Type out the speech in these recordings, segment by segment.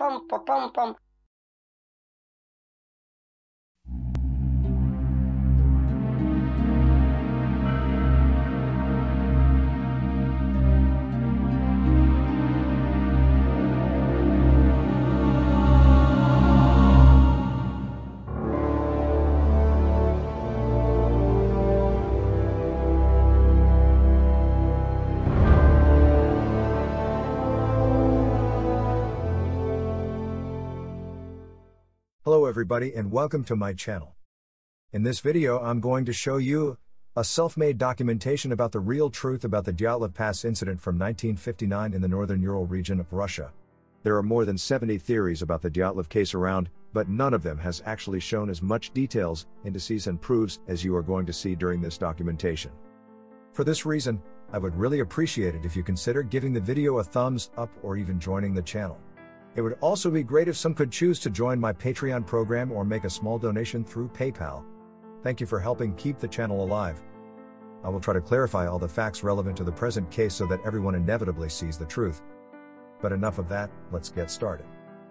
пам-па-пам-пам, Hello everybody and welcome to my channel. In this video I'm going to show you a self-made documentation about the real truth about the Dyatlov Pass incident from 1959 in the northern Ural region of Russia. There are more than 70 theories about the Dyatlov case around, but none of them has actually shown as much details, indices and proofs as you are going to see during this documentation. For this reason, I would really appreciate it if you consider giving the video a thumbs up or even joining the channel. It would also be great if some could choose to join my Patreon program or make a small donation through PayPal. Thank you for helping keep the channel alive. I will try to clarify all the facts relevant to the present case so that everyone inevitably sees the truth. But enough of that, let's get started.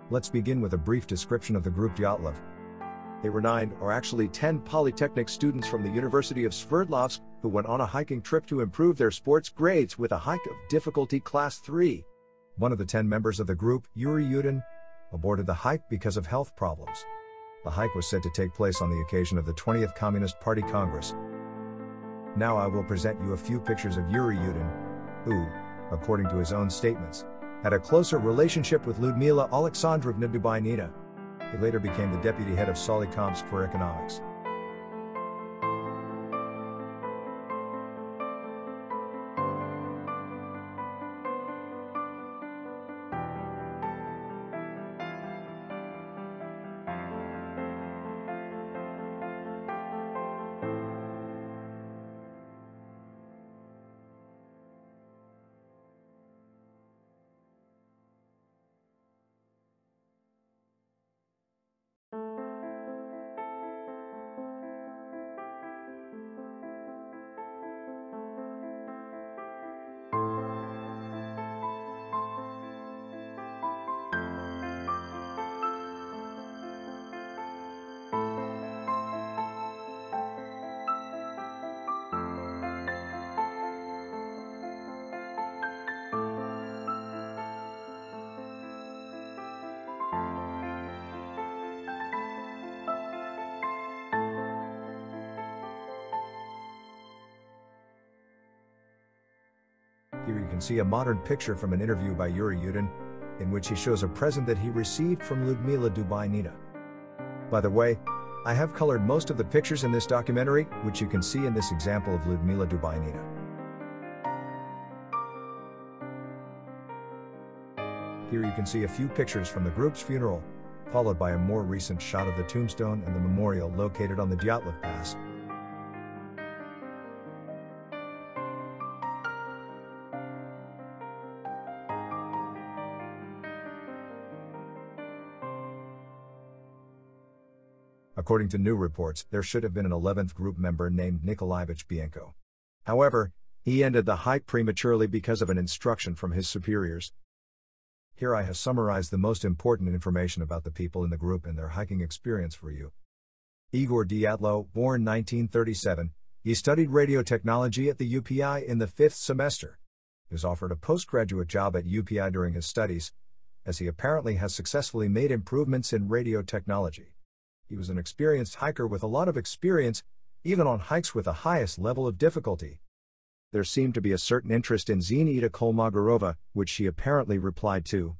Let's begin with a brief description of the group Dyatlov. They were nine, or actually ten, polytechnic students from the University of Sverdlovsk who went on a hiking trip to improve their sports grades with a hike of difficulty class 3 one of the 10 members of the group, Yuri Yudin, aborted the hike because of health problems. The hike was said to take place on the occasion of the 20th Communist Party Congress. Now I will present you a few pictures of Yuri Yudin, who, according to his own statements, had a closer relationship with Ludmila Alexandrovna Dubainita. He later became the deputy head of Solikomsk for economics. Here you can see a modern picture from an interview by Yuri Yudin, in which he shows a present that he received from Ludmila Dubai Nina. By the way, I have colored most of the pictures in this documentary, which you can see in this example of Ludmila Dubai Nina. Here you can see a few pictures from the group's funeral, followed by a more recent shot of the tombstone and the memorial located on the Dyatlov Pass, According to new reports, there should have been an 11th group member named Nikolaevich Bienko. However, he ended the hike prematurely because of an instruction from his superiors. Here I have summarized the most important information about the people in the group and their hiking experience for you. Igor Diatlo, born 1937, he studied radio technology at the UPI in the fifth semester. He was offered a postgraduate job at UPI during his studies, as he apparently has successfully made improvements in radio technology. He was an experienced hiker with a lot of experience, even on hikes with the highest level of difficulty. There seemed to be a certain interest in Zinita Kolmogorova, which she apparently replied to.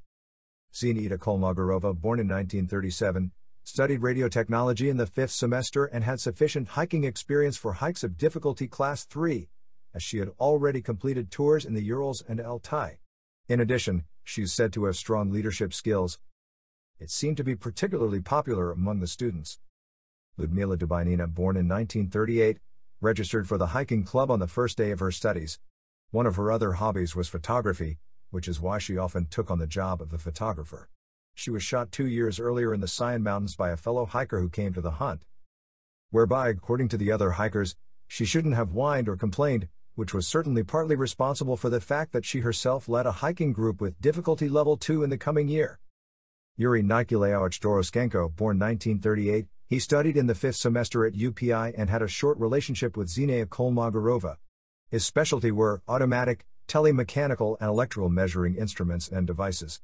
Zinita Kolmogorova, born in 1937, studied radiotechnology in the fifth semester and had sufficient hiking experience for hikes of difficulty class 3, as she had already completed tours in the Urals and Altai. In addition, she is said to have strong leadership skills, it seemed to be particularly popular among the students. Ludmila Dubainina, born in 1938, registered for the hiking club on the first day of her studies. One of her other hobbies was photography, which is why she often took on the job of the photographer. She was shot two years earlier in the Sion Mountains by a fellow hiker who came to the hunt. Whereby, according to the other hikers, she shouldn't have whined or complained, which was certainly partly responsible for the fact that she herself led a hiking group with difficulty level 2 in the coming year. Yuri Nikolaevich Doroshenko, born 1938, he studied in the fifth semester at UPI and had a short relationship with Zinaya Kolmogorova. His specialty were automatic, telemechanical, and electrical measuring instruments and devices.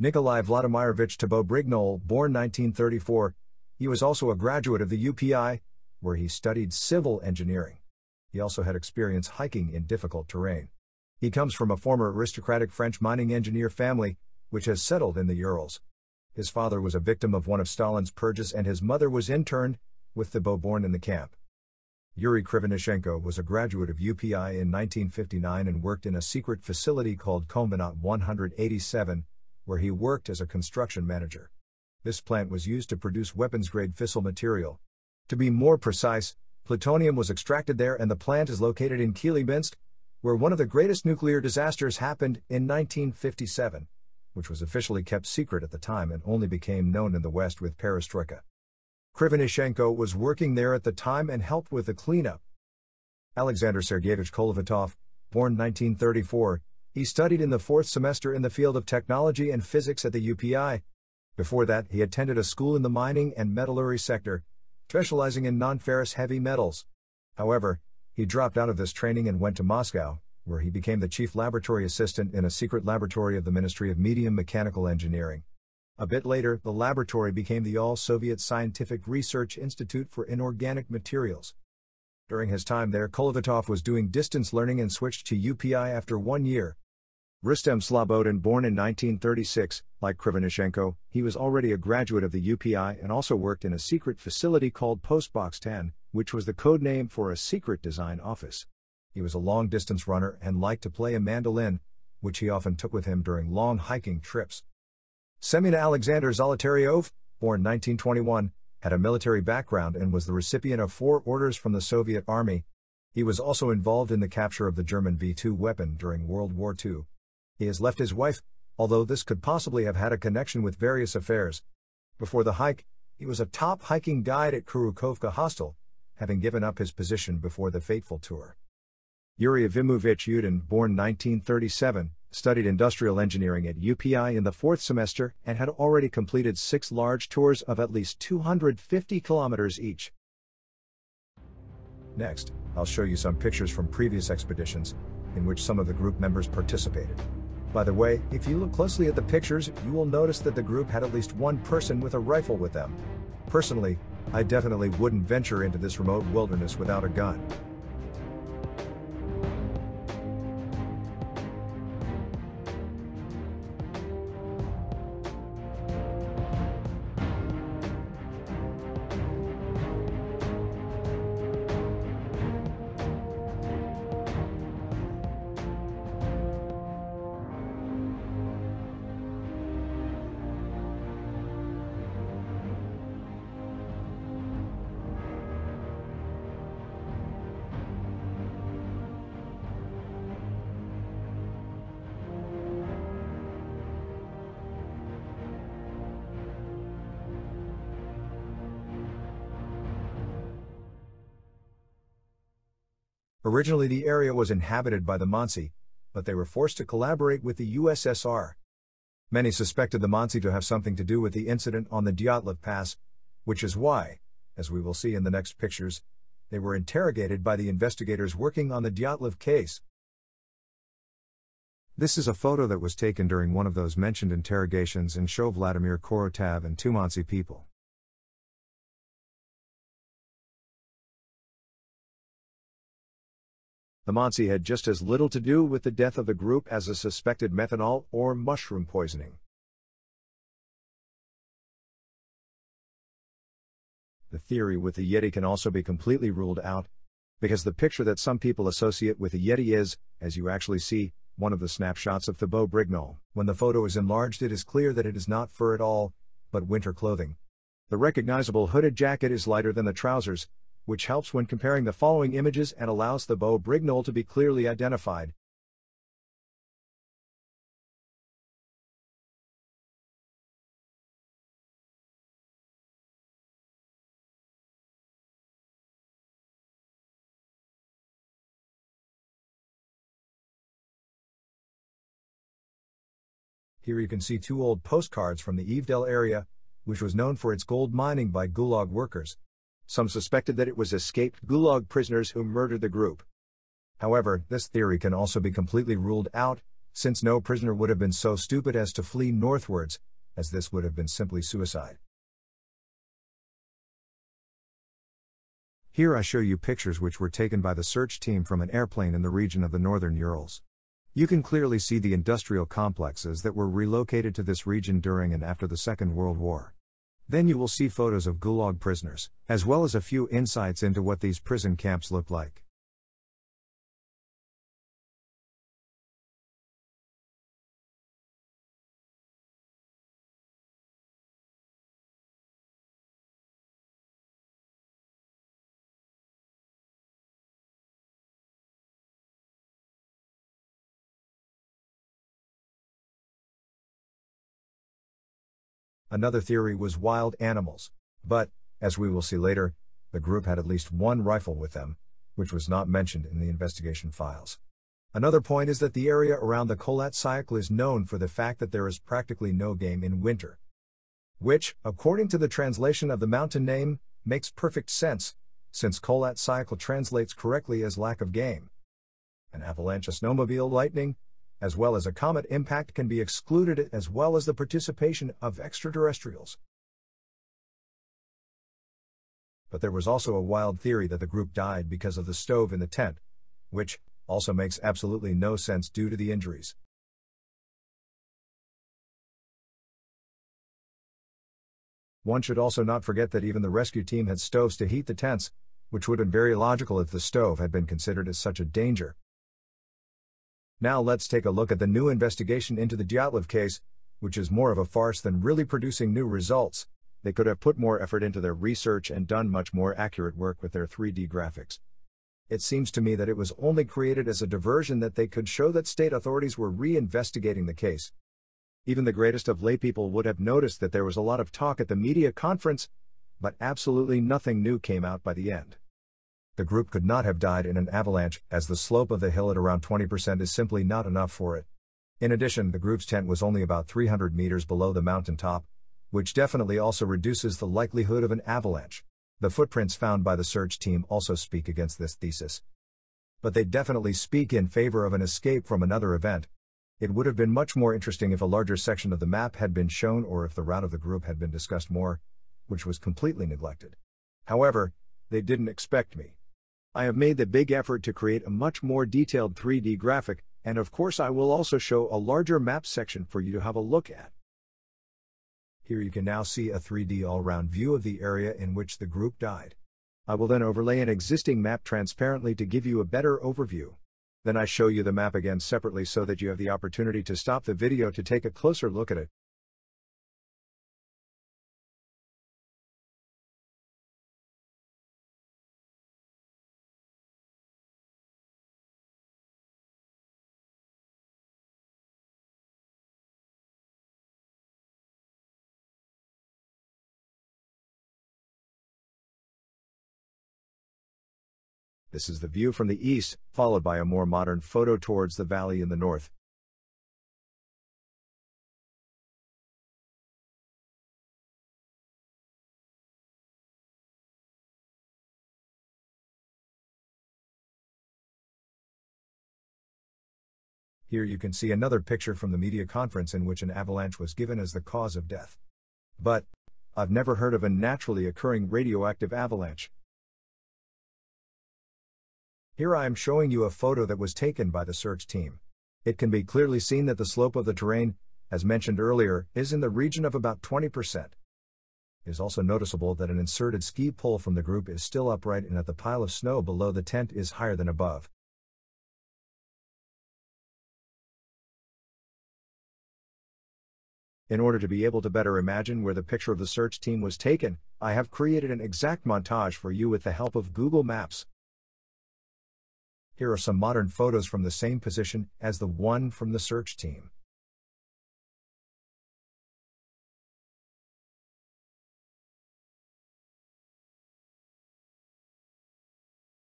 Nikolai Vladimirovich Tabo Brignol, born 1934, he was also a graduate of the UPI, where he studied civil engineering. He also had experience hiking in difficult terrain. He comes from a former aristocratic French mining engineer family, which has settled in the Urals. His father was a victim of one of Stalin's purges and his mother was interned, with the bow born in the camp. Yuri Krivonishenko was a graduate of UPI in 1959 and worked in a secret facility called Kombinat 187, where he worked as a construction manager. This plant was used to produce weapons grade fissile material. To be more precise, plutonium was extracted there, and the plant is located in Kilibinsk, where one of the greatest nuclear disasters happened in 1957 which was officially kept secret at the time and only became known in the West with perestroika. Krivonishenko was working there at the time and helped with the cleanup. Alexander Sergeyevich Kolovatov, born 1934, he studied in the fourth semester in the field of technology and physics at the UPI. Before that, he attended a school in the mining and metallurgy sector, specializing in non ferrous heavy metals. However, he dropped out of this training and went to Moscow, where he became the chief laboratory assistant in a secret laboratory of the Ministry of Medium Mechanical Engineering. A bit later, the laboratory became the All Soviet Scientific Research Institute for Inorganic Materials. During his time there, Kolovatov was doing distance learning and switched to UPI after one year. Rustem Slobodin, born in 1936, like Krivonishenko, he was already a graduate of the UPI and also worked in a secret facility called Postbox 10, which was the code name for a secret design office. He was a long distance runner and liked to play a mandolin, which he often took with him during long hiking trips. Semyon Alexander Zolotaryov, born 1921, had a military background and was the recipient of four orders from the Soviet Army. He was also involved in the capture of the German V 2 weapon during World War II. He has left his wife, although this could possibly have had a connection with various affairs. Before the hike, he was a top hiking guide at Kurukovka Hostel, having given up his position before the fateful tour. Yuri Avimovich Yudin, born 1937, studied industrial engineering at UPI in the fourth semester and had already completed six large tours of at least 250 kilometers each. Next, I'll show you some pictures from previous expeditions, in which some of the group members participated. By the way, if you look closely at the pictures, you will notice that the group had at least one person with a rifle with them. Personally, I definitely wouldn't venture into this remote wilderness without a gun. Originally the area was inhabited by the Mansi, but they were forced to collaborate with the USSR. Many suspected the Mansi to have something to do with the incident on the Dyatlev Pass, which is why, as we will see in the next pictures, they were interrogated by the investigators working on the Dyatlev case. This is a photo that was taken during one of those mentioned interrogations and show Vladimir Korotav and two Mansi people. The Monsi had just as little to do with the death of the group as a suspected methanol or mushroom poisoning. The theory with the Yeti can also be completely ruled out, because the picture that some people associate with the Yeti is, as you actually see, one of the snapshots of Thibaut Brignol. When the photo is enlarged, it is clear that it is not fur at all, but winter clothing. The recognizable hooded jacket is lighter than the trousers, which helps when comparing the following images and allows the bow brignol to be clearly identified. Here you can see two old postcards from the Evedale area, which was known for its gold mining by Gulag workers, some suspected that it was escaped Gulag prisoners who murdered the group. However, this theory can also be completely ruled out, since no prisoner would have been so stupid as to flee northwards, as this would have been simply suicide. Here I show you pictures which were taken by the search team from an airplane in the region of the northern Urals. You can clearly see the industrial complexes that were relocated to this region during and after the Second World War. Then you will see photos of Gulag prisoners, as well as a few insights into what these prison camps look like. Another theory was wild animals, but, as we will see later, the group had at least one rifle with them, which was not mentioned in the investigation files. Another point is that the area around the Kolat cycle is known for the fact that there is practically no game in winter. Which, according to the translation of the mountain name, makes perfect sense, since Kolat cycle translates correctly as lack of game. An avalanche of snowmobile lightning, as well as a comet impact can be excluded as well as the participation of extraterrestrials. But there was also a wild theory that the group died because of the stove in the tent, which also makes absolutely no sense due to the injuries. One should also not forget that even the rescue team had stoves to heat the tents, which would have been very logical if the stove had been considered as such a danger, now let's take a look at the new investigation into the Dyatlov case, which is more of a farce than really producing new results. They could have put more effort into their research and done much more accurate work with their 3D graphics. It seems to me that it was only created as a diversion that they could show that state authorities were re-investigating the case. Even the greatest of laypeople would have noticed that there was a lot of talk at the media conference, but absolutely nothing new came out by the end the group could not have died in an avalanche, as the slope of the hill at around 20% is simply not enough for it. In addition, the group's tent was only about 300 meters below the mountain top, which definitely also reduces the likelihood of an avalanche. The footprints found by the search team also speak against this thesis. But they definitely speak in favor of an escape from another event. It would have been much more interesting if a larger section of the map had been shown or if the route of the group had been discussed more, which was completely neglected. However, they didn't expect me. I have made the big effort to create a much more detailed 3D graphic, and of course I will also show a larger map section for you to have a look at. Here you can now see a 3D all-round view of the area in which the group died. I will then overlay an existing map transparently to give you a better overview. Then I show you the map again separately so that you have the opportunity to stop the video to take a closer look at it. This is the view from the east, followed by a more modern photo towards the valley in the north. Here you can see another picture from the media conference in which an avalanche was given as the cause of death. But, I've never heard of a naturally occurring radioactive avalanche. Here I am showing you a photo that was taken by the search team. It can be clearly seen that the slope of the terrain, as mentioned earlier, is in the region of about 20%. It is also noticeable that an inserted ski pole from the group is still upright and that the pile of snow below the tent is higher than above. In order to be able to better imagine where the picture of the search team was taken, I have created an exact montage for you with the help of Google Maps. Here are some modern photos from the same position as the one from the search team.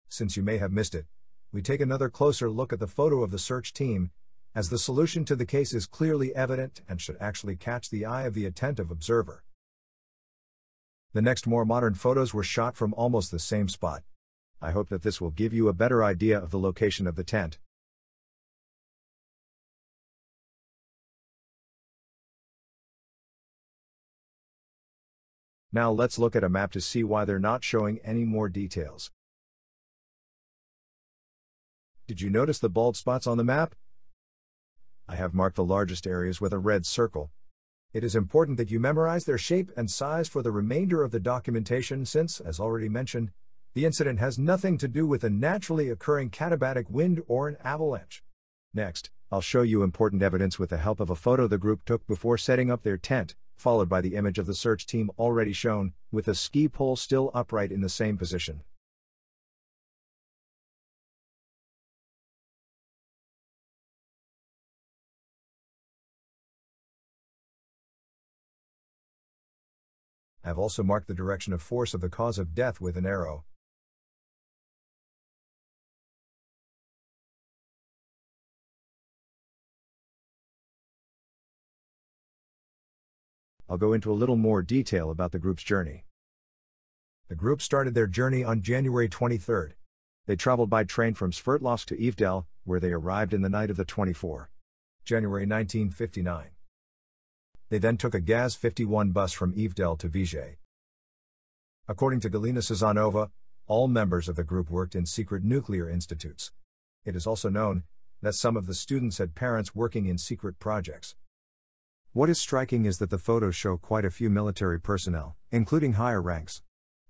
Since you may have missed it, we take another closer look at the photo of the search team, as the solution to the case is clearly evident and should actually catch the eye of the attentive observer. The next more modern photos were shot from almost the same spot, I hope that this will give you a better idea of the location of the tent. Now let's look at a map to see why they're not showing any more details. Did you notice the bald spots on the map? I have marked the largest areas with a red circle. It is important that you memorize their shape and size for the remainder of the documentation since, as already mentioned, the incident has nothing to do with a naturally occurring katabatic wind or an avalanche. Next, I'll show you important evidence with the help of a photo the group took before setting up their tent, followed by the image of the search team already shown, with a ski pole still upright in the same position. I've also marked the direction of force of the cause of death with an arrow, I'll go into a little more detail about the group's journey. The group started their journey on January 23. They traveled by train from Sverdlovsk to Evdel, where they arrived in the night of the 24th, January 1959. They then took a Gaz 51 bus from Evdel to Vijay. According to Galina Sazonova, all members of the group worked in secret nuclear institutes. It is also known that some of the students had parents working in secret projects. What is striking is that the photos show quite a few military personnel, including higher ranks.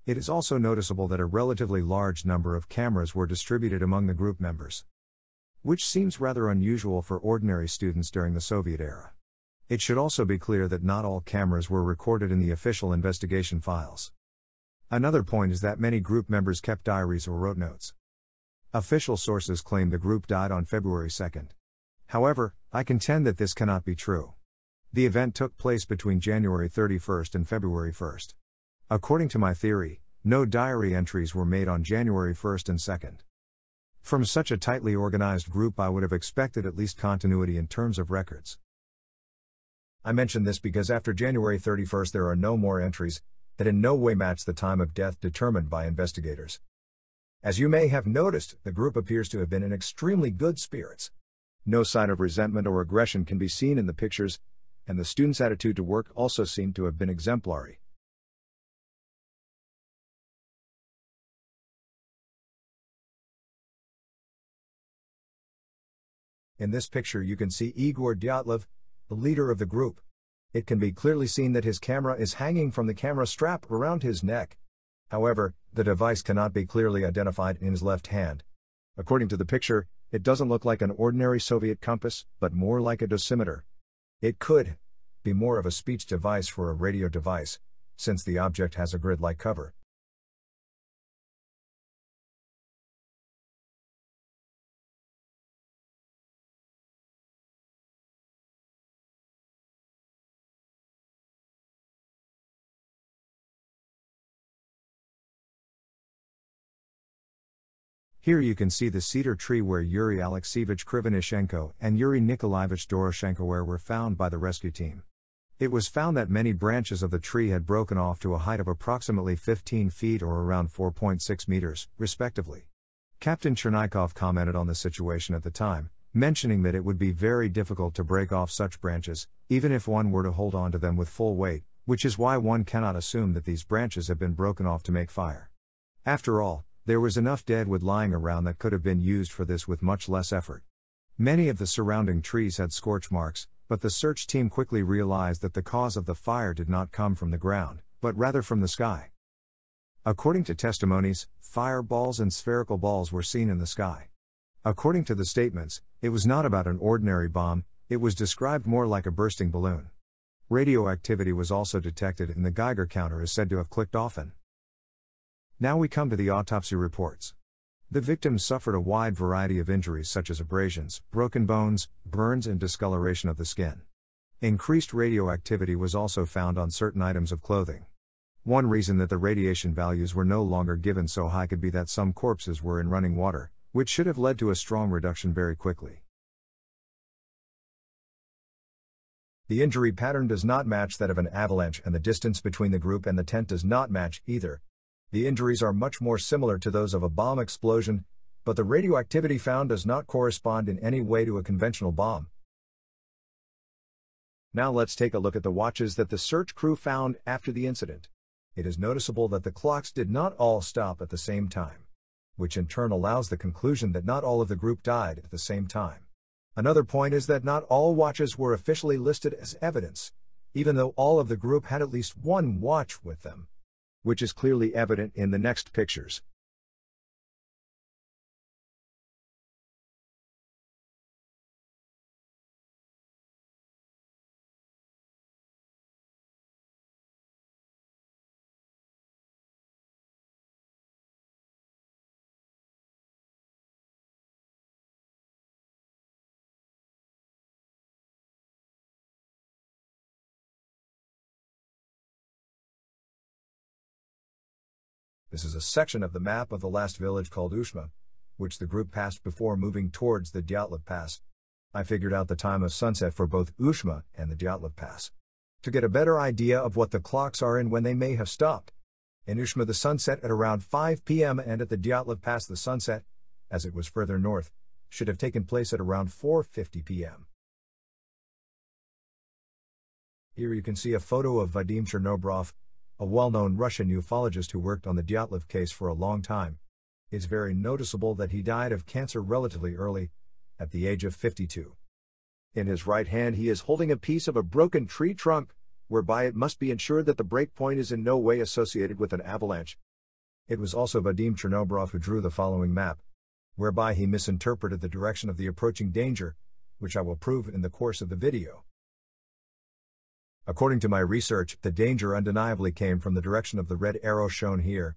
It is also noticeable that a relatively large number of cameras were distributed among the group members. Which seems rather unusual for ordinary students during the Soviet era. It should also be clear that not all cameras were recorded in the official investigation files. Another point is that many group members kept diaries or wrote notes. Official sources claim the group died on February 2. However, I contend that this cannot be true. The event took place between January 31 and February 1. According to my theory, no diary entries were made on January 1 and 2. From such a tightly organized group, I would have expected at least continuity in terms of records. I mention this because after January 31 there are no more entries that in no way match the time of death determined by investigators. As you may have noticed, the group appears to have been in extremely good spirits. No sign of resentment or aggression can be seen in the pictures, and the students' attitude to work also seemed to have been exemplary. In this picture, you can see Igor Dyatlov, the leader of the group. It can be clearly seen that his camera is hanging from the camera strap around his neck. However, the device cannot be clearly identified in his left hand. According to the picture, it doesn't look like an ordinary Soviet compass, but more like a dosimeter. It could be more of a speech device for a radio device, since the object has a grid like cover. Here you can see the cedar tree where Yuri Alexeyevich Krivonishenko and Yuri Nikolaevich Doroshenko were found by the rescue team. It was found that many branches of the tree had broken off to a height of approximately 15 feet or around 4.6 meters, respectively. Captain Chernikov commented on the situation at the time, mentioning that it would be very difficult to break off such branches, even if one were to hold on to them with full weight, which is why one cannot assume that these branches have been broken off to make fire. After all, there was enough deadwood lying around that could have been used for this with much less effort. Many of the surrounding trees had scorch marks, but the search team quickly realized that the cause of the fire did not come from the ground, but rather from the sky. According to testimonies, fireballs and spherical balls were seen in the sky. According to the statements, it was not about an ordinary bomb, it was described more like a bursting balloon. Radioactivity was also detected, and the Geiger counter is said to have clicked often. Now we come to the autopsy reports. The victims suffered a wide variety of injuries such as abrasions, broken bones, burns, and discoloration of the skin. Increased radioactivity was also found on certain items of clothing. One reason that the radiation values were no longer given so high could be that some corpses were in running water, which should have led to a strong reduction very quickly. The injury pattern does not match that of an avalanche, and the distance between the group and the tent does not match either, the injuries are much more similar to those of a bomb explosion, but the radioactivity found does not correspond in any way to a conventional bomb. Now let's take a look at the watches that the search crew found after the incident. It is noticeable that the clocks did not all stop at the same time, which in turn allows the conclusion that not all of the group died at the same time. Another point is that not all watches were officially listed as evidence, even though all of the group had at least one watch with them which is clearly evident in the next pictures. This is a section of the map of the last village called Ushma, which the group passed before moving towards the Dyatlov Pass. I figured out the time of sunset for both Ushma and the Dyatlov Pass. To get a better idea of what the clocks are and when they may have stopped. In Ushma, the sunset at around 5 p.m., and at the Dyatlov Pass, the sunset, as it was further north, should have taken place at around 4.50 p.m. Here you can see a photo of Vadim Chernobrov, a well-known Russian ufologist who worked on the Dyatlov case for a long time. It's very noticeable that he died of cancer relatively early, at the age of 52. In his right hand he is holding a piece of a broken tree trunk, whereby it must be ensured that the break point is in no way associated with an avalanche. It was also Vadim Chernobrov who drew the following map, whereby he misinterpreted the direction of the approaching danger, which I will prove in the course of the video. According to my research, the danger undeniably came from the direction of the red arrow shown here.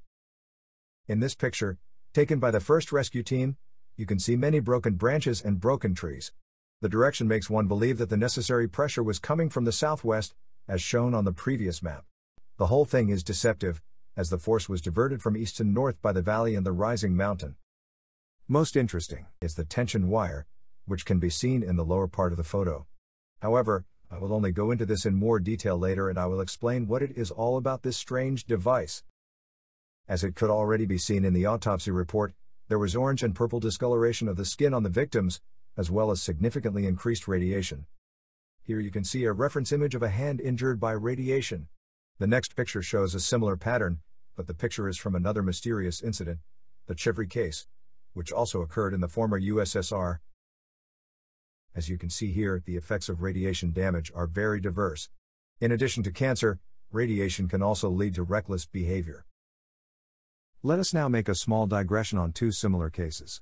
In this picture, taken by the first rescue team, you can see many broken branches and broken trees. The direction makes one believe that the necessary pressure was coming from the southwest, as shown on the previous map. The whole thing is deceptive, as the force was diverted from east to north by the valley and the rising mountain. Most interesting is the tension wire, which can be seen in the lower part of the photo. However, I will only go into this in more detail later and I will explain what it is all about this strange device. As it could already be seen in the autopsy report, there was orange and purple discoloration of the skin on the victims, as well as significantly increased radiation. Here you can see a reference image of a hand injured by radiation. The next picture shows a similar pattern, but the picture is from another mysterious incident, the Chivri case, which also occurred in the former USSR, as you can see here, the effects of radiation damage are very diverse. In addition to cancer, radiation can also lead to reckless behavior. Let us now make a small digression on two similar cases.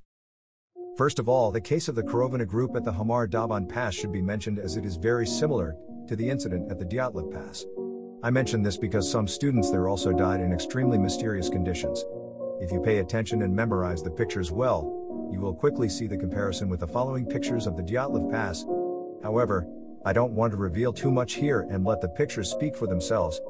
First of all, the case of the Korovina group at the Hamar Daban Pass should be mentioned as it is very similar to the incident at the Dyatlov Pass. I mention this because some students there also died in extremely mysterious conditions. If you pay attention and memorize the pictures well, you will quickly see the comparison with the following pictures of the Dyatlov Pass. However, I don't want to reveal too much here and let the pictures speak for themselves,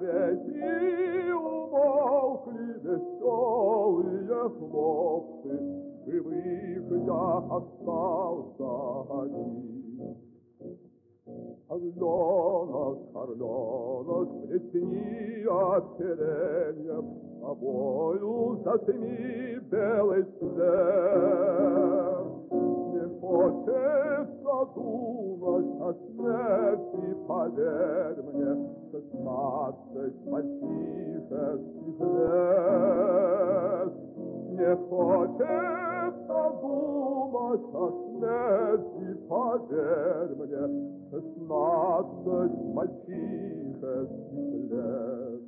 навеки умолкли веселые хлопцы, Живых я остался один. Орленок, орленок, плесни опереньем, Тобою затми белый свет. Не хочется думать о смерти, поверь мне, Gottes Maße mein tiefes Gefläß. Nie fortesta думата смерти поверь мне, шестнадцать mein tiefes Gefläß.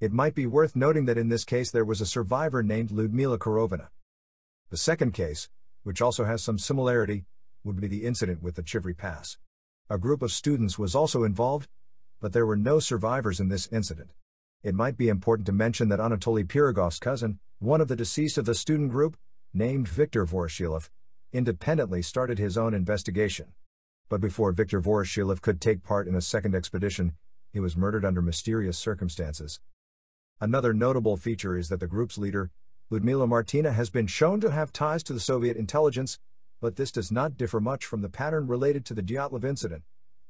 It might be worth noting that in this case there was a survivor named Ludmila Korovina. The second case, which also has some similarity, would be the incident with the Chivri Pass. A group of students was also involved, but there were no survivors in this incident. It might be important to mention that Anatoly Pirogov's cousin, one of the deceased of the student group, named Viktor Voroshilov, independently started his own investigation. But before Viktor Voroshilov could take part in a second expedition, he was murdered under mysterious circumstances. Another notable feature is that the group's leader, Ludmila Martina, has been shown to have ties to the Soviet intelligence, but this does not differ much from the pattern related to the Dyatlov incident,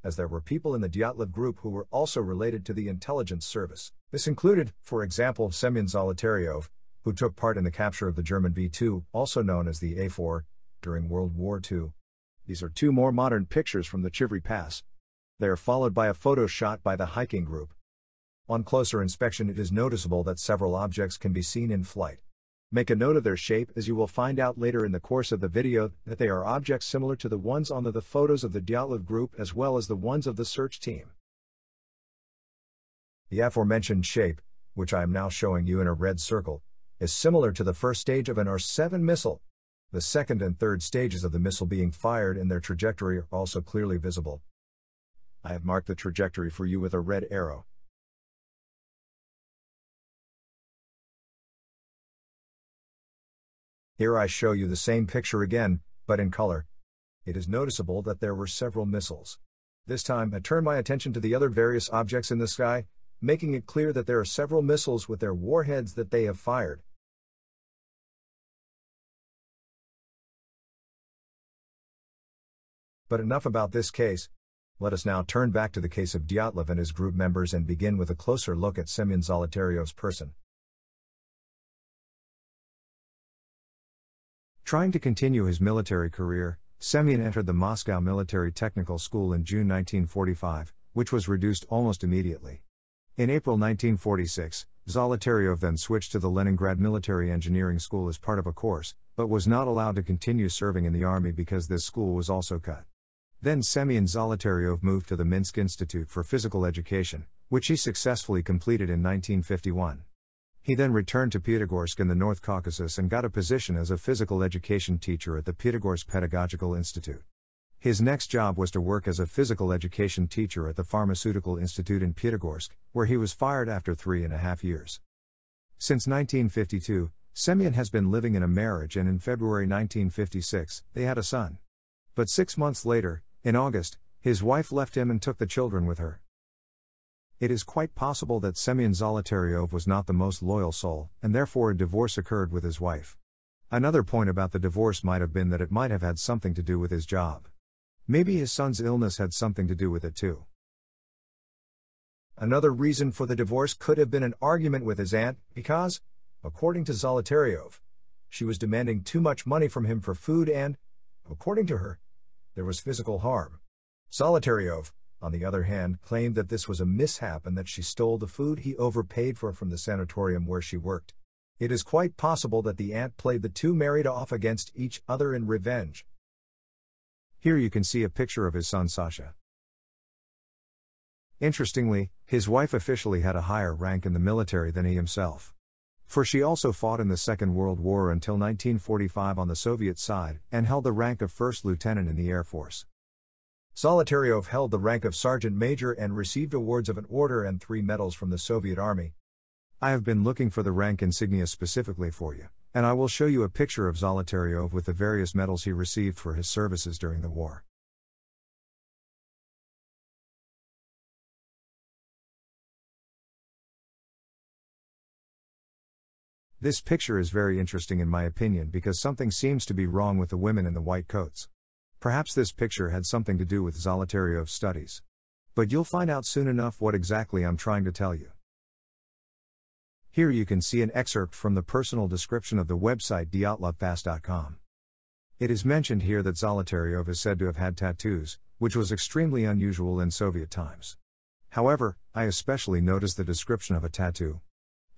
as there were people in the Dyatlov group who were also related to the intelligence service. This included, for example, Semyon Zolotaryov, who took part in the capture of the German V 2, also known as the A 4, during World War II. These are two more modern pictures from the Chivri Pass. They are followed by a photo shot by the hiking group. On closer inspection, it is noticeable that several objects can be seen in flight. Make a note of their shape as you will find out later in the course of the video that they are objects similar to the ones on the, the photos of the Dyatlov group as well as the ones of the search team. The aforementioned shape, which I am now showing you in a red circle, is similar to the first stage of an R-7 missile. The second and third stages of the missile being fired and their trajectory are also clearly visible. I have marked the trajectory for you with a red arrow. Here I show you the same picture again, but in color. It is noticeable that there were several missiles. This time I turn my attention to the other various objects in the sky, making it clear that there are several missiles with their warheads that they have fired. But enough about this case. Let us now turn back to the case of Dyatlov and his group members and begin with a closer look at Semyon Zolotaryov's person. Trying to continue his military career, Semyon entered the Moscow Military Technical School in June 1945, which was reduced almost immediately. In April 1946, Zolotaryov then switched to the Leningrad Military Engineering School as part of a course, but was not allowed to continue serving in the army because this school was also cut. Then Semyon Zolotaryov moved to the Minsk Institute for Physical Education, which he successfully completed in 1951. He then returned to Pyatigorsk in the North Caucasus and got a position as a physical education teacher at the Pyatigorsk Pedagogical Institute. His next job was to work as a physical education teacher at the Pharmaceutical Institute in Pyatigorsk, where he was fired after three and a half years. Since 1952, Semyon has been living in a marriage and in February 1956, they had a son. But six months later, in August, his wife left him and took the children with her. It is quite possible that Semyon Zolotaryov was not the most loyal soul, and therefore a divorce occurred with his wife. Another point about the divorce might have been that it might have had something to do with his job. Maybe his son's illness had something to do with it too. Another reason for the divorce could have been an argument with his aunt, because, according to Zolotaryov, she was demanding too much money from him for food and, according to her, there was physical harm. Zolotaryov, on the other hand, claimed that this was a mishap and that she stole the food he overpaid for from the sanatorium where she worked. It is quite possible that the aunt played the two married off against each other in revenge. Here you can see a picture of his son Sasha. Interestingly, his wife officially had a higher rank in the military than he himself. For she also fought in the Second World War until 1945 on the Soviet side and held the rank of first lieutenant in the Air Force. Solitaryov held the rank of sergeant major and received awards of an order and three medals from the Soviet Army. I have been looking for the rank insignia specifically for you, and I will show you a picture of Zolotaryov with the various medals he received for his services during the war. This picture is very interesting in my opinion because something seems to be wrong with the women in the white coats. Perhaps this picture had something to do with Zolotaryov's studies. But you'll find out soon enough what exactly I'm trying to tell you. Here you can see an excerpt from the personal description of the website diatlovfast.com. It is mentioned here that Zolotaryov is said to have had tattoos, which was extremely unusual in Soviet times. However, I especially noticed the description of a tattoo.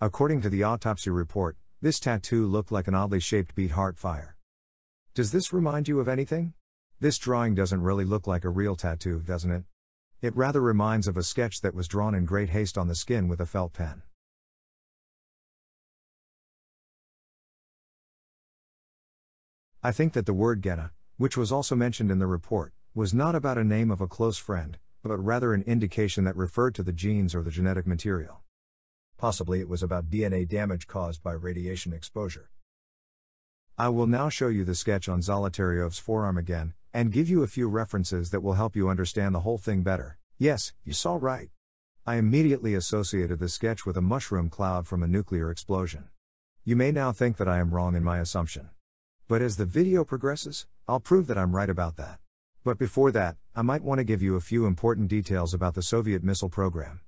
According to the autopsy report, this tattoo looked like an oddly shaped beat heart fire. Does this remind you of anything? This drawing doesn't really look like a real tattoo, doesn't it? It rather reminds of a sketch that was drawn in great haste on the skin with a felt pen. I think that the word Genna, which was also mentioned in the report, was not about a name of a close friend, but rather an indication that referred to the genes or the genetic material. Possibly it was about DNA damage caused by radiation exposure. I will now show you the sketch on Zolotaryov's forearm again, and give you a few references that will help you understand the whole thing better. Yes, you saw right. I immediately associated the sketch with a mushroom cloud from a nuclear explosion. You may now think that I am wrong in my assumption. But as the video progresses, I'll prove that I'm right about that. But before that, I might want to give you a few important details about the Soviet missile program.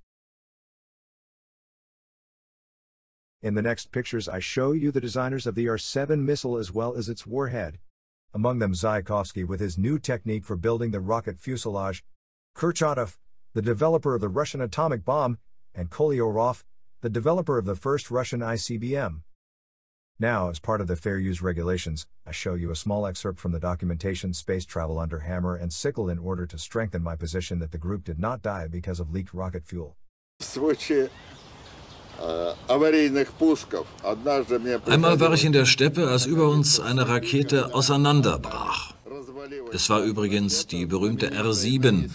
In the next pictures, I show you the designers of the R 7 missile as well as its warhead, among them Zaykovsky with his new technique for building the rocket fuselage, Kurchatov, the developer of the Russian atomic bomb, and Kolyarov, the developer of the first Russian ICBM. Now, as part of the fair use regulations, I show you a small excerpt from the documentation Space Travel Under Hammer and Sickle in order to strengthen my position that the group did not die because of leaked rocket fuel. Switch it. Äh, Einmal war ich in der Steppe, als über uns eine Rakete auseinanderbrach. Es war übrigens die berühmte R-7,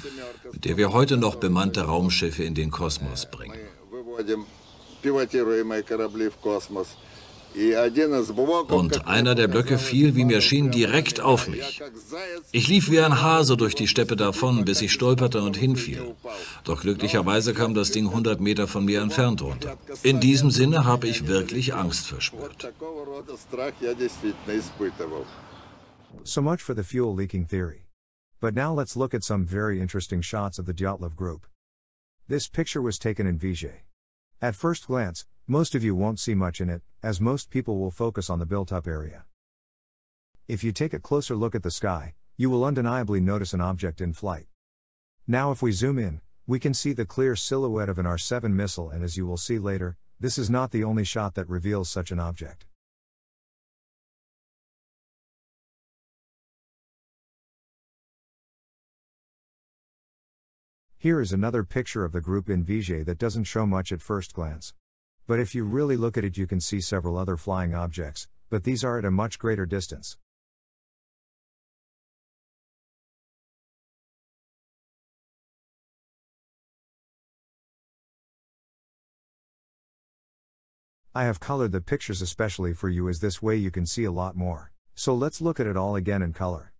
mit der wir heute noch bemannte Raumschiffe in den Kosmos bringen. Und einer der Blöcke fiel, wie mir schien, direkt auf mich. Ich lief wie ein Hase durch die Steppe davon, bis ich stolperte und hinfiel. Doch glücklicherweise kam das Ding 100 Meter von mir entfernt runter. In diesem Sinne habe ich wirklich Angst verspürt. So much for the fuel leaking theory. But now let's look at some very interesting shots of the Dyatlov group. This picture was taken in Vijay. At first glance, Most of you won't see much in it, as most people will focus on the built up area. If you take a closer look at the sky, you will undeniably notice an object in flight. Now, if we zoom in, we can see the clear silhouette of an R 7 missile, and as you will see later, this is not the only shot that reveals such an object. Here is another picture of the group in Vijay that doesn't show much at first glance but if you really look at it, you can see several other flying objects, but these are at a much greater distance. I have colored the pictures especially for you as this way you can see a lot more. So let's look at it all again in color.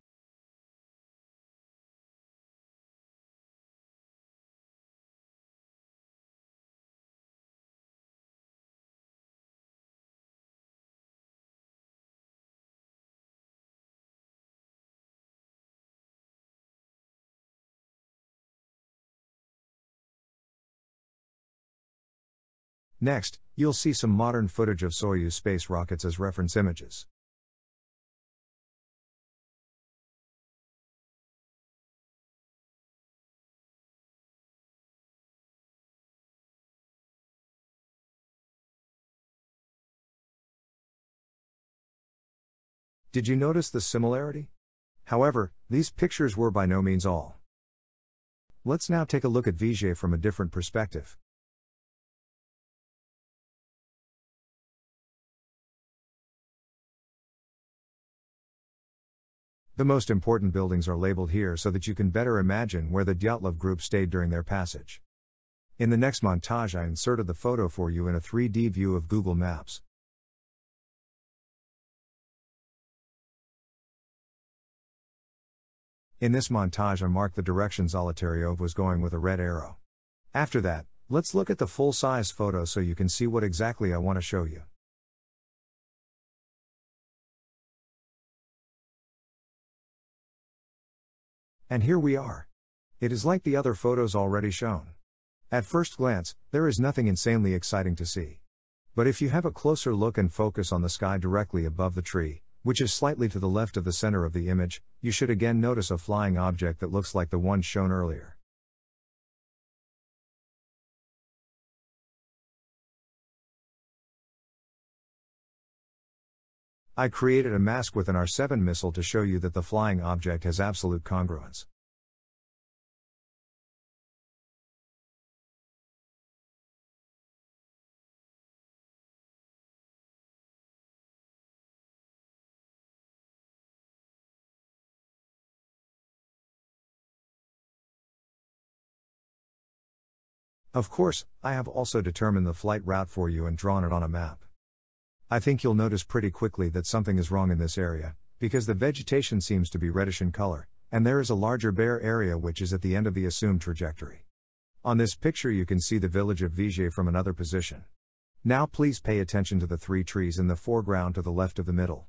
Next, you'll see some modern footage of Soyuz space rockets as reference images. Did you notice the similarity? However, these pictures were by no means all. Let's now take a look at Vijay from a different perspective. The most important buildings are labeled here so that you can better imagine where the Dyatlov group stayed during their passage. In the next montage, I inserted the photo for you in a 3D view of Google Maps. In this montage, I marked the direction Zolotaryov was going with a red arrow. After that, let's look at the full size photo so you can see what exactly I want to show you. And here we are. It is like the other photos already shown. At first glance, there is nothing insanely exciting to see. But if you have a closer look and focus on the sky directly above the tree, which is slightly to the left of the center of the image, you should again notice a flying object that looks like the one shown earlier. I created a mask with an R7 missile to show you that the flying object has absolute congruence. Of course, I have also determined the flight route for you and drawn it on a map. I think you'll notice pretty quickly that something is wrong in this area, because the vegetation seems to be reddish in color, and there is a larger bare area which is at the end of the assumed trajectory. On this picture you can see the village of Vigier from another position. Now please pay attention to the three trees in the foreground to the left of the middle.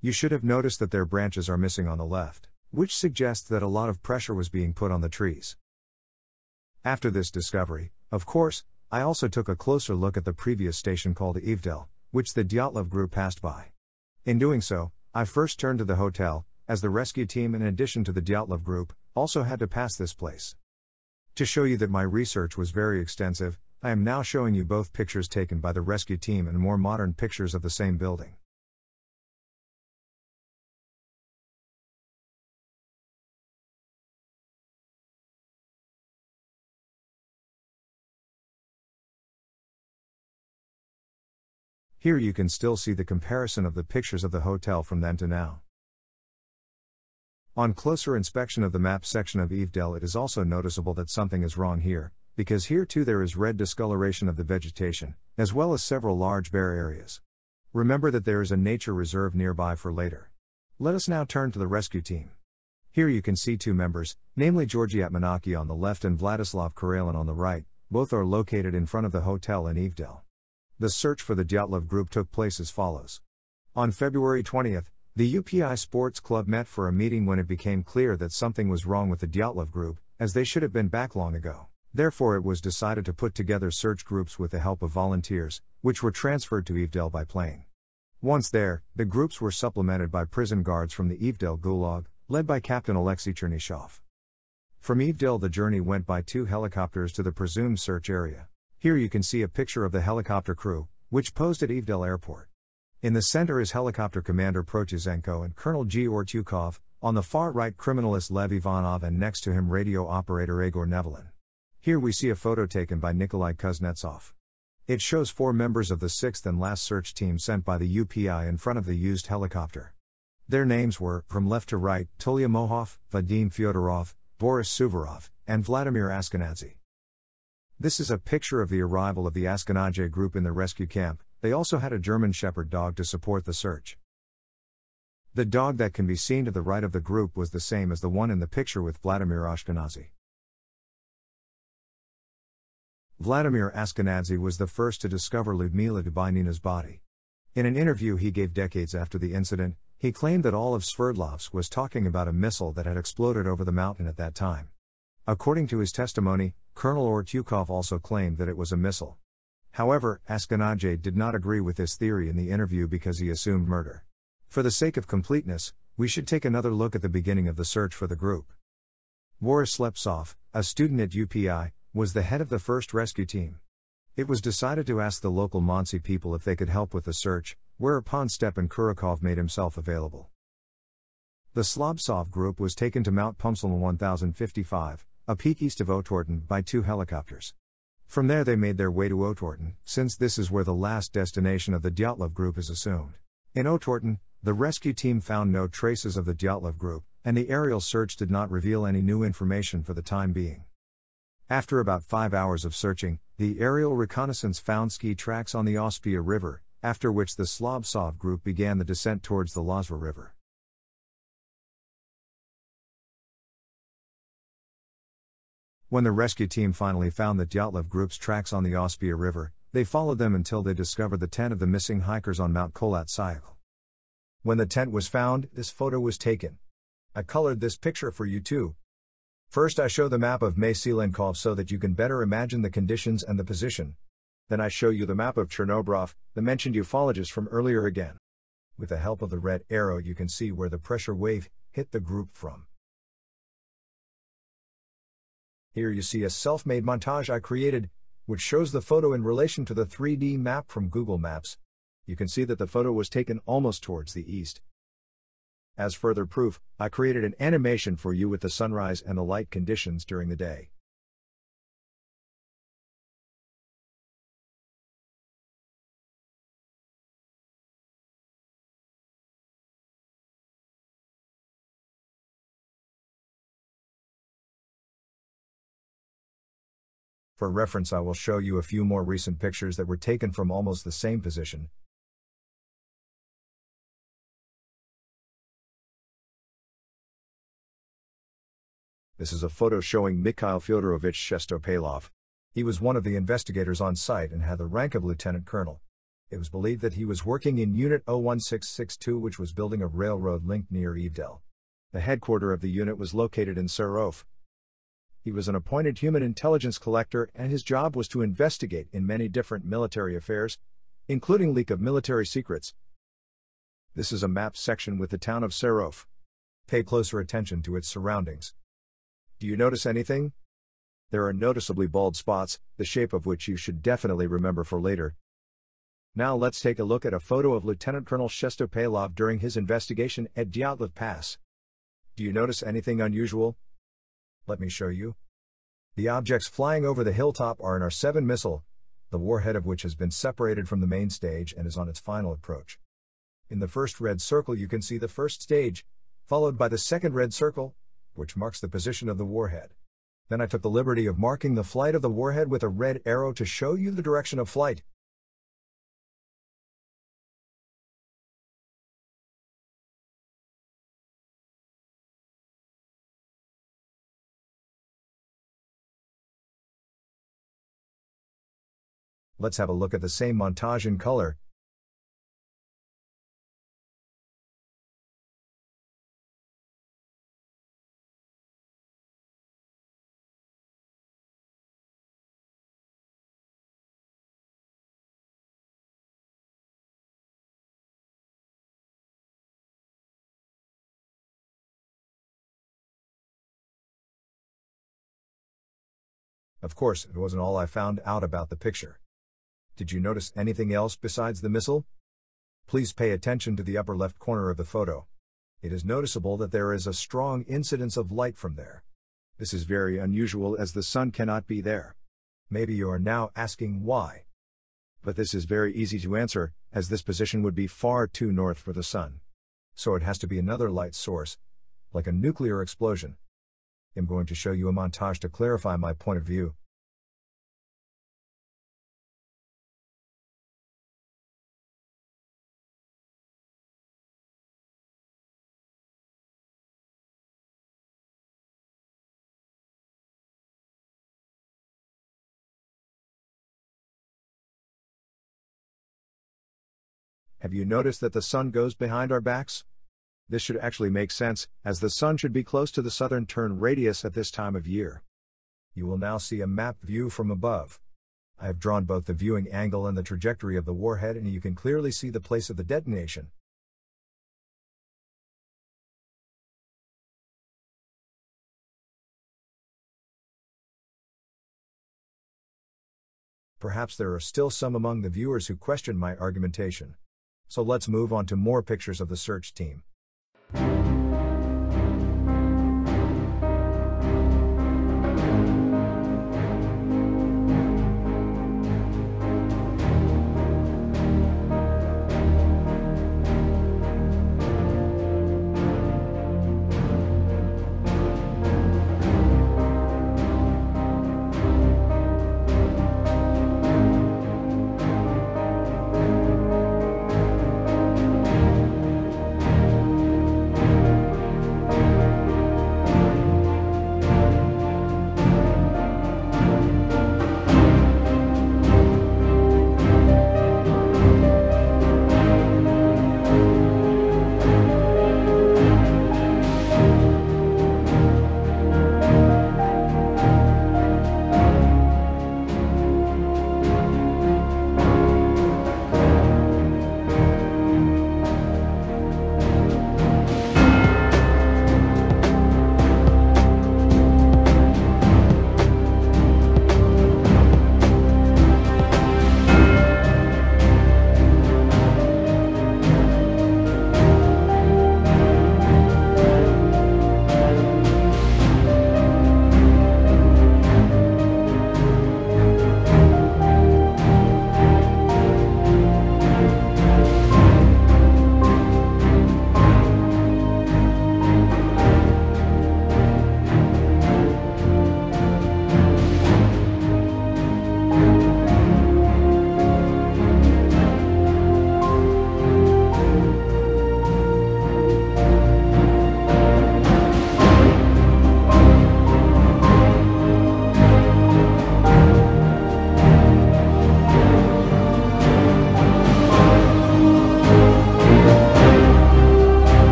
You should have noticed that their branches are missing on the left, which suggests that a lot of pressure was being put on the trees. After this discovery, of course, I also took a closer look at the previous station called Evedel, which the Dyatlov Group passed by. In doing so, I first turned to the hotel, as the rescue team, in addition to the Dyatlov Group, also had to pass this place. To show you that my research was very extensive, I am now showing you both pictures taken by the rescue team and more modern pictures of the same building. Here you can still see the comparison of the pictures of the hotel from then to now. On closer inspection of the map section of Evedel, it is also noticeable that something is wrong here, because here too there is red discoloration of the vegetation, as well as several large bare areas. Remember that there is a nature reserve nearby for later. Let us now turn to the rescue team. Here you can see two members, namely Georgi Atmanaki on the left and Vladislav Karelin on the right, both are located in front of the hotel in Evedel. The search for the Dyatlov Group took place as follows. On February 20th, the UPI Sports Club met for a meeting when it became clear that something was wrong with the Dyatlov Group, as they should have been back long ago. Therefore, it was decided to put together search groups with the help of volunteers, which were transferred to Evdel by plane. Once there, the groups were supplemented by prison guards from the Evdel Gulag, led by Captain Alexei Chernyshov. From Evdel, the journey went by two helicopters to the presumed search area. Here you can see a picture of the helicopter crew, which posed at Evdel Airport. In the center is helicopter commander Prochazenko and Colonel G Ortukov. on the far right criminalist Lev Ivanov and next to him radio operator Igor Nevelin. Here we see a photo taken by Nikolai Kuznetsov. It shows four members of the sixth and last search team sent by the UPI in front of the used helicopter. Their names were, from left to right, Tolya Mohov, Vadim Fyodorov, Boris Suvorov, and Vladimir Askenazy. This is a picture of the arrival of the Askenaje group in the rescue camp, they also had a German Shepherd dog to support the search. The dog that can be seen to the right of the group was the same as the one in the picture with Vladimir Ashkenazi. Vladimir Ashkenazi was the first to discover Ludmila Dubinina's body. In an interview he gave decades after the incident, he claimed that all of Sverdlovsk was talking about a missile that had exploded over the mountain at that time. According to his testimony, Colonel Ortyukov also claimed that it was a missile. However, Askenaje did not agree with this theory in the interview because he assumed murder. For the sake of completeness, we should take another look at the beginning of the search for the group. Boris Slepsov, a student at UPI, was the head of the first rescue team. It was decided to ask the local Monsi people if they could help with the search, whereupon Stepan Kurakov made himself available. The Slobsov group was taken to Mount Pumsalin 1055, a peak east of Otorten, by two helicopters. From there, they made their way to Otorten, since this is where the last destination of the Dyatlov group is assumed. In Otorten, the rescue team found no traces of the Dyatlov group, and the aerial search did not reveal any new information for the time being. After about five hours of searching, the aerial reconnaissance found ski tracks on the Ospia River, after which the Slobsov group began the descent towards the Lazva River. When the rescue team finally found the Dyatlov group's tracks on the Ospia River, they followed them until they discovered the tent of the missing hikers on Mount Kolat Sayakal. When the tent was found, this photo was taken. I colored this picture for you too. First, I show the map of Maysilenkov so that you can better imagine the conditions and the position. Then I show you the map of Chernobrov, the mentioned ufologist from earlier again. With the help of the red arrow, you can see where the pressure wave hit the group from. Here you see a self-made montage I created, which shows the photo in relation to the 3D map from Google Maps. You can see that the photo was taken almost towards the east. As further proof, I created an animation for you with the sunrise and the light conditions during the day. For reference I will show you a few more recent pictures that were taken from almost the same position. This is a photo showing Mikhail Fyodorovich Shestopalov. He was one of the investigators on site and had the rank of lieutenant colonel. It was believed that he was working in Unit 01662 which was building a railroad link near Evdel. The headquarters of the unit was located in Serov. He was an appointed human intelligence collector, and his job was to investigate in many different military affairs, including leak of military secrets. This is a map section with the town of Serov. Pay closer attention to its surroundings. Do you notice anything? There are noticeably bald spots, the shape of which you should definitely remember for later. Now let's take a look at a photo of Lieutenant Colonel Shesto during his investigation at Dyatlev Pass. Do you notice anything unusual? let me show you. The objects flying over the hilltop are an R7 missile, the warhead of which has been separated from the main stage and is on its final approach. In the first red circle, you can see the first stage, followed by the second red circle, which marks the position of the warhead. Then I took the liberty of marking the flight of the warhead with a red arrow to show you the direction of flight. let's have a look at the same montage in color. Of course, it wasn't all I found out about the picture. Did you notice anything else besides the missile? Please pay attention to the upper left corner of the photo. It is noticeable that there is a strong incidence of light from there. This is very unusual as the sun cannot be there. Maybe you are now asking why. But this is very easy to answer, as this position would be far too north for the sun. So it has to be another light source, like a nuclear explosion. I'm going to show you a montage to clarify my point of view. Have you noticed that the sun goes behind our backs? This should actually make sense, as the sun should be close to the southern turn radius at this time of year. You will now see a map view from above. I have drawn both the viewing angle and the trajectory of the warhead and you can clearly see the place of the detonation. Perhaps there are still some among the viewers who question my argumentation so let's move on to more pictures of the search team.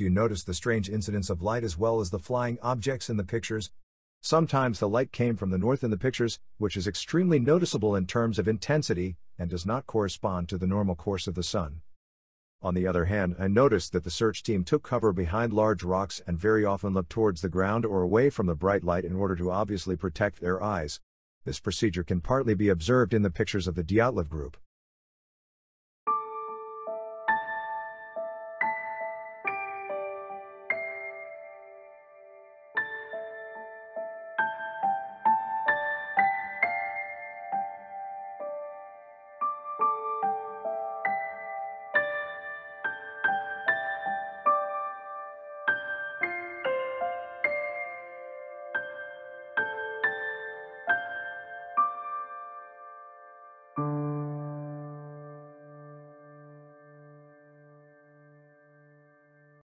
you notice the strange incidents of light as well as the flying objects in the pictures. Sometimes the light came from the north in the pictures, which is extremely noticeable in terms of intensity and does not correspond to the normal course of the sun. On the other hand, I noticed that the search team took cover behind large rocks and very often looked towards the ground or away from the bright light in order to obviously protect their eyes. This procedure can partly be observed in the pictures of the Diatlev group.